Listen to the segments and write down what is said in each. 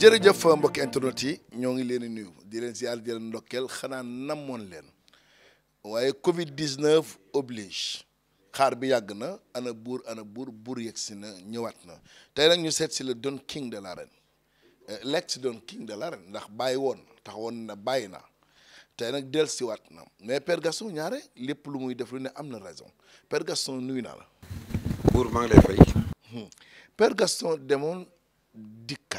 jërëjëf mbokki internet yi ñoo ngi leen di nuyu di leen ziar di leen ndokkeel xanaa namoon leen waaye Covid 19 oblige xaar bi yàgg na ana buur ana buur buur yegg si na ñëwaat na tey nag ñu seet si le Don King de l'arène eh, l'ex Don King de l'arène ndax bàyyi woon taxawoon na bàyyi na tey nag del siwaat na mais Père Gaston ñaare lépp lu muy def lu ne am na raison Père Gaston nuyu naa la. buur maa ngi lay fay. Hmm. Père Gaston demoon dikk.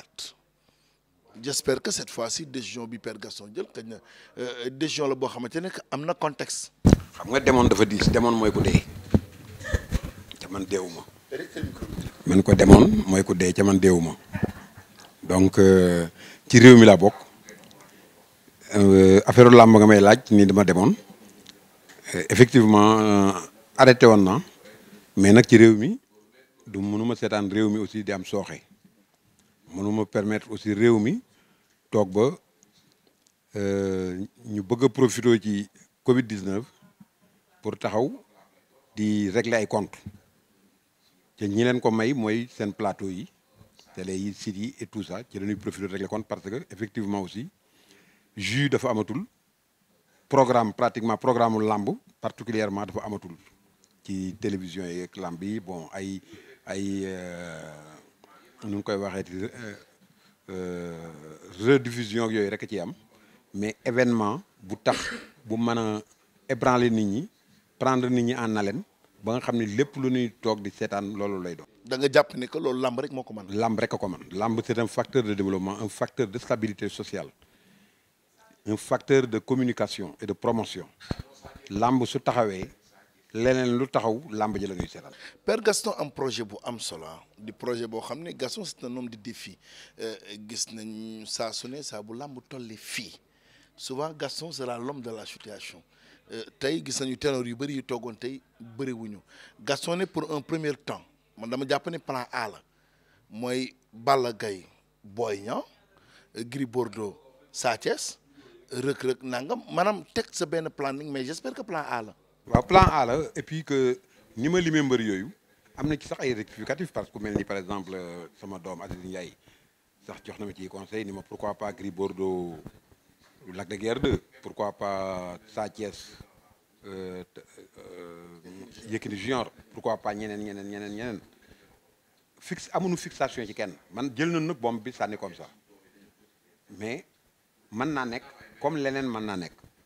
j'espère que cette fois-ci décision bi Père Gasson... djel euh, décision la contexte. xam nga dafa démon man man ko donc euh, ci réew mi bok euh, affaire lamb nga may laaj ni effectivement arrêté mais ci réew mi du mënuma réew aussi di am mënuma permettre aussi réew donc, nous avons bëgg de profité ci Covid 19 pour taxaw di régler ay compte Nous ñi leen ko may c'est plateau yi télé et tout ça Nous avons profité de régler compte parce que effectivement aussi jus dafa amatul programme pratiquement programme l'AMBO, particulièrement dafa amatul ci télévision et làmb yi bon ay ay euh, nu ngi koy euh, rediffusion yoy rek ci am mais événement bu tax bu meuna a ébranler nit ñi prendre nit ñi en haleine ba nga xamni lepp lu ñuy tok di seetaan lolu lay do da nga japp ne que lolu lamb rek moko man lamb rek ko man lamb c'est un facteur de développement un facteur de stabilité sociale un facteur de communication et de promotion lamb su taxawé leneen lu taxaw lamb ji la ñuy Père Gaston am projet bu am solo di projet boo xam ne Gaston c'est un homme de défi euh, gis nañ saa su ne saa bu lamb tolli fii souvent Gaston sera l'homme de la situation euh, tey gis nañu ténor yu bëri yu toogoon tey bëriwuñu Gaston ne pour un premier temps man dama jàpp ne plan A la mooy Balla gay Boy Gris Bordeaux Sa Thiès Reug nangam maanaam teg sa benn plan mais j'espère que plan A la waaw plan A la et puis que ni ma limee mbër yoyu amna ci sax ay rectificatif parce que melni par exemple euh, sama dom Aziz Ndiaye sax jox na ma ci conseil ni ma pourquoi pas Gris Bordeaux Lac de guerre 2 pourquoi pas Sa euh, euh Yékini genre pourquoi pas ñenen ñenen ñenen ñenen fixe amunu fixation ci kenn man jël na nak bomb bi sànni comme ça mais man na nek comme lenen man na nek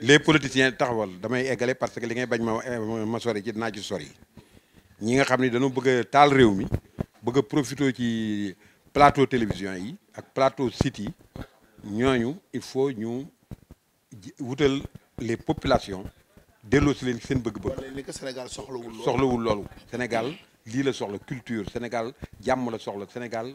les politiciens taxawal damay parce que li ngay bañ ma eh, ma sori ci na ci sori ñi nga xamni dañu bëgg taal réew mi bëgg plateau télévision yi ak plateau City. il faut ñu les populations de leen bëgg-bëgg. Sénégal Sénégal la culture Sénégal jamm la Sénégal.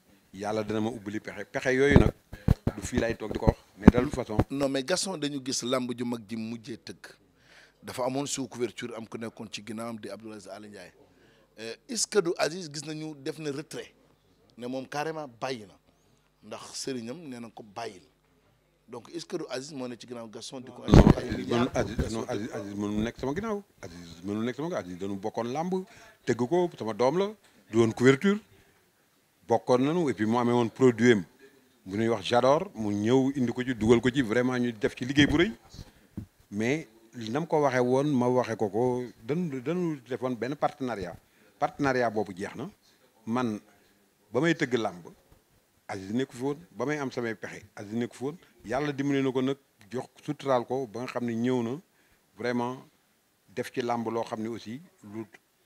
yalla dana ma pexe pexe yoyu nak du lay mais de toute façon. non mais ont dañu gis Lambu ju mag mujjé teug dafa sous couverture am ko ci ginaam di euh, est-ce que du Aziz gis nañu def na retrait ne mom carrément bayina ndax serignam nee ko donc est-ce que du Aziz mo ne ci non Aziz non Aziz Aziz sama Aziz mo nek sama dañu teggu ko sama la couverture bokkon nañu et puis mu amee woon produit am bu ñuy wax Jador mu ñew indi ko ci duggal ko ci vraiment ñu def ci liguey bu reuy mais nam ko waxé won ma waxé ko ko dañu def won ben partenariat partenariat bobu jeexna man bamay teug lamb làmb Aziz nekku fi woon ba am samay pexé Aziz nekku fi won yalla dimbali nako nak jox sutural ko ba nga xamni ñewna vraiment def ci lamb lo xamni aussi lu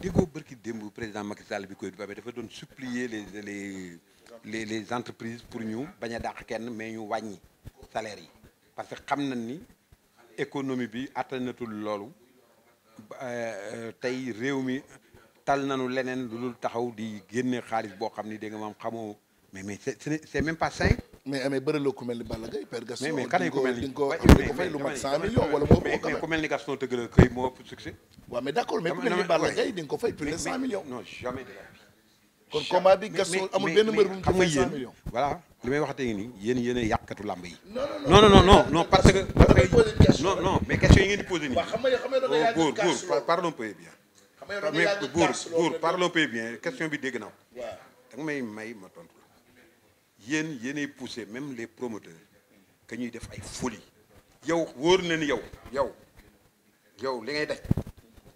déggoo bërki démb président Macky Sall bi koy dubabe dafa done supplier les les les entreprises pour ñu baña a kenn mais ñu wàññi salaire yi parce que xam nañ ni économie bi attanatul loolu euh, tey réew mi tal nañu leneen lu taxaw di génné xaalis bo xamni ni dégg nga moom xamoo mais mais c'est c'est même pas sain mais mais bëri la ku mel Balla gay père Gaston mais mais kané ay ku mel ni di ko fay lu mat 100 millions wala boobu mais ku mel ni Gaston tëgg la këy succès mais d'accord, mais pour y a plus de 100 millions. non jamais de la vie. millions voilà a non non non non non parce que. non non mais question yi ngeen di posé oh, bien. bien question bi poussé même les promoteurs que folie yo vous, yo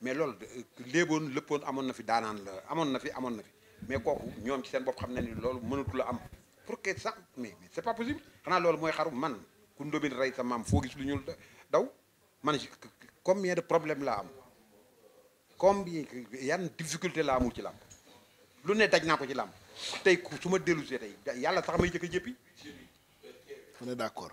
mais loolu euh, léeboon lëppoon amoon na fi daanaan la amoon na fi amoon na fi mais kooku ñoom ci seen bopp xam na ni loolu mënatu la am pour que sax mais c'est pas possible xanaa loolu mooy xaru man ku ndóbin rey sa maam foo gis lu ñuul daw man combien de problème laa am combien yan difficulté laa amul ci làmb lu ne daj naa ko ci làmp tey ku su ma dellusee tey yàlla sax may jëkk a jëppi on est d'accord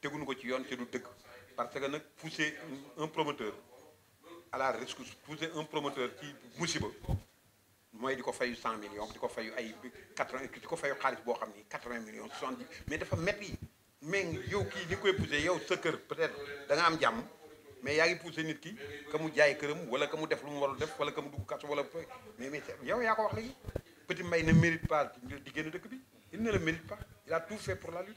teguñu ko ci yoon te du parce que pousser un promoteur à la rescousse pousser un promoteur qui musiba mooy di fayu 100 millions di fayu ay 80 fayu millions mais dafa mais yow kii pousser yow sa kër peut-être da nga am mais yaa pousser nit ki ka mu jaay këram wala ka mu def lu mu def wala ka mu dugg wala mais mais yow yaa wax léegi Petit Mbaye ne mérite pas di génn dëkk bi il ne le mérite pas il a tout fait pour la lutte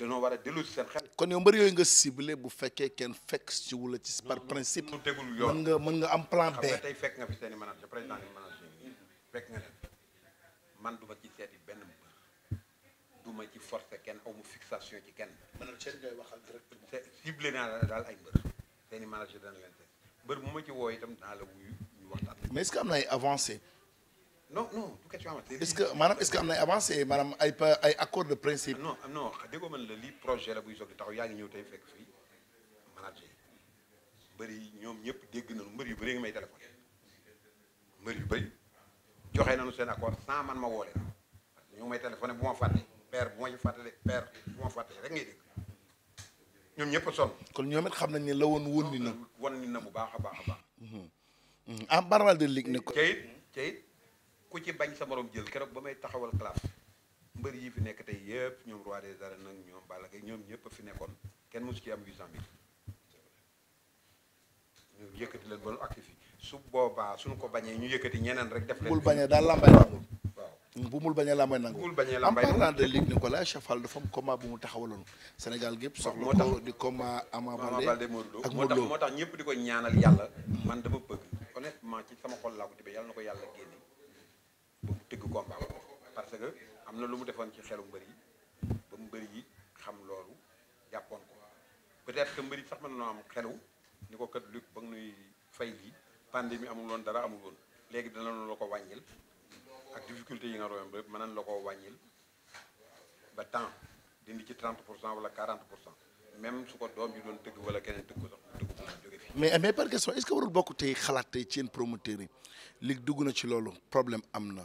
dañoo war a ci seen xel. kon yow mbeur yooyu nga ciblé bu fekkee kenn fekk ci wu ci par principe. mu mën nga mën nga am plan B. xam nga tey nga fi seen manager président manager fekk nga leen man du ma ci seeti benn du ma ci forcer kenn aw ma fixation ci kenn. maanaam seen ngay waxal directement. ciblé naa la daal ay mbër seen i manager dana leen seet mbër bu ma ci woo itam dinaa la wuyu ñu waxtaan. mais est-ce que am na ay avancées non non du question est ce que madame, est ce que a avancé madame, accord de principe. non non je man la pas projet la buy soog taxaw yaa ngi ñëw tey fekk manager ñëpp dégg yu bëri may téléphone yu accord sans man ma may téléphoné ma père bu ma père bu ma fàttali rek ngay dégg ñoom ñëpp kon xam nañ ne la bu baax mhm. Mhm. Ah, de ligne. ku ci bañ sa morom jël kérok ba taxawal classe mbeur yi fi nek tay yépp ñom roi des arènes nag ñom Balla ñom ñëpp fi nekkon kèn mu ci am 800000 ñu yëkkati leen ba nu actif su boba suñ ko bañé ñu yëkëti ñeneen rek def leen bu bañé da lambay nangu mm, bu mul bañé lambay nangu bul bañee lambay nangu en parlant de Ligue Nicolas Chafal dafa am combat bu mu taxawalon Sénégal gépp soxla moo tax di combat Ama Baldé ak Modou tax ñëpp diko ñaanal yalla man dama bëgg honnêtement ci sama xol la ko tibé yalla na yalla gënë combat parce que amna lu mu defone ci xelu mbër ba mbër yi xam lolu japon ko peut-être que mbër sax man no am xelu ni ko kat Luc ba nga nuy fay lii pandémie amul won dara amul won légui danañ la ko wàññil ak difficulté yi nga doon yëpp mën nañ la ko ba temps dindi ci 30 wala 40 même su ko doom yu don teug wala keneen teug sax mais mais par question est-ce que warul bokk tay xalat tay ci en promoteur yi léegi dugg ci lolu problème amna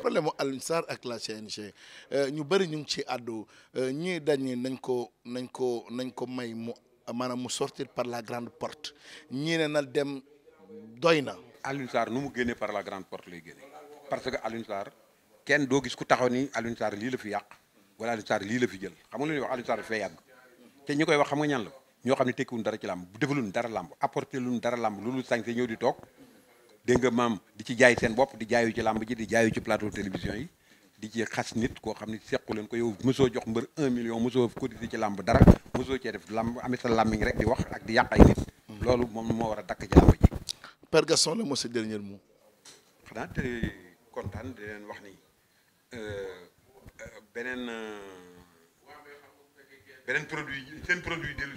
problème mu Alioune Sarr ak la CNG euh, ñu bëri ñu ci àddu euh, ñii dañ nañ ko nañ ko nañ ko may mu maanaam mu sortir par la grande porte ñii ne na dem doy na. Alioune Sarr nu mu génnee par la grande porte lay génne parce que Alioune Sarr kenn doo gis ku taxaw ni Alioune lii la fi yàq wala Alioune Sarr lii la fi jël xam nga lu ñuy wax Alioune Sarr fee te ñi koy wax xam nga ñan la ñoo xam ne tekkiwuñ dara ci làmb bu defalun dara làmb apporté luñ dara làmb loolu sañ ñëw di toog. dégg nga maam di ci jaay seen bopp di jaayu ci làmb ji di jaayu ci plateau télévision yi di ci xas nit koo xam ne sequ leen ko yow mosoo jox mbër un million mosoo cotisé ci làmb dara mosoo cee def làmb amee sa làmmiñ rek di wax ak di yàq nit loolu moom moo war a dakk ci làmb ji Père Gaston la moo sa dernier mot xanaa te wax ni euh, euh, beneen euh, beneen produit seen produit dellu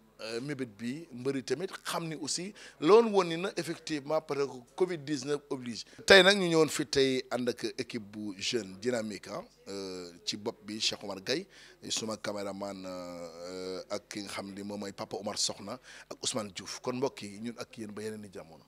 Euh, mébét bi mbëri tamit xam ni aussi loolu woon ni na effectivement parce que Covid 19 oblige. tey nag ñu ñëwoon fi tey ànd ak équipe bu jeune dynamique ah ci bopp bi Cheikh Omar Gaye suma caméraman euh, ak ki nga xam ni moom mooy Papa Omar Soxna ak Ousmane Diouf kon mbokk yi ñun ak yéen ba yeneen i jamono.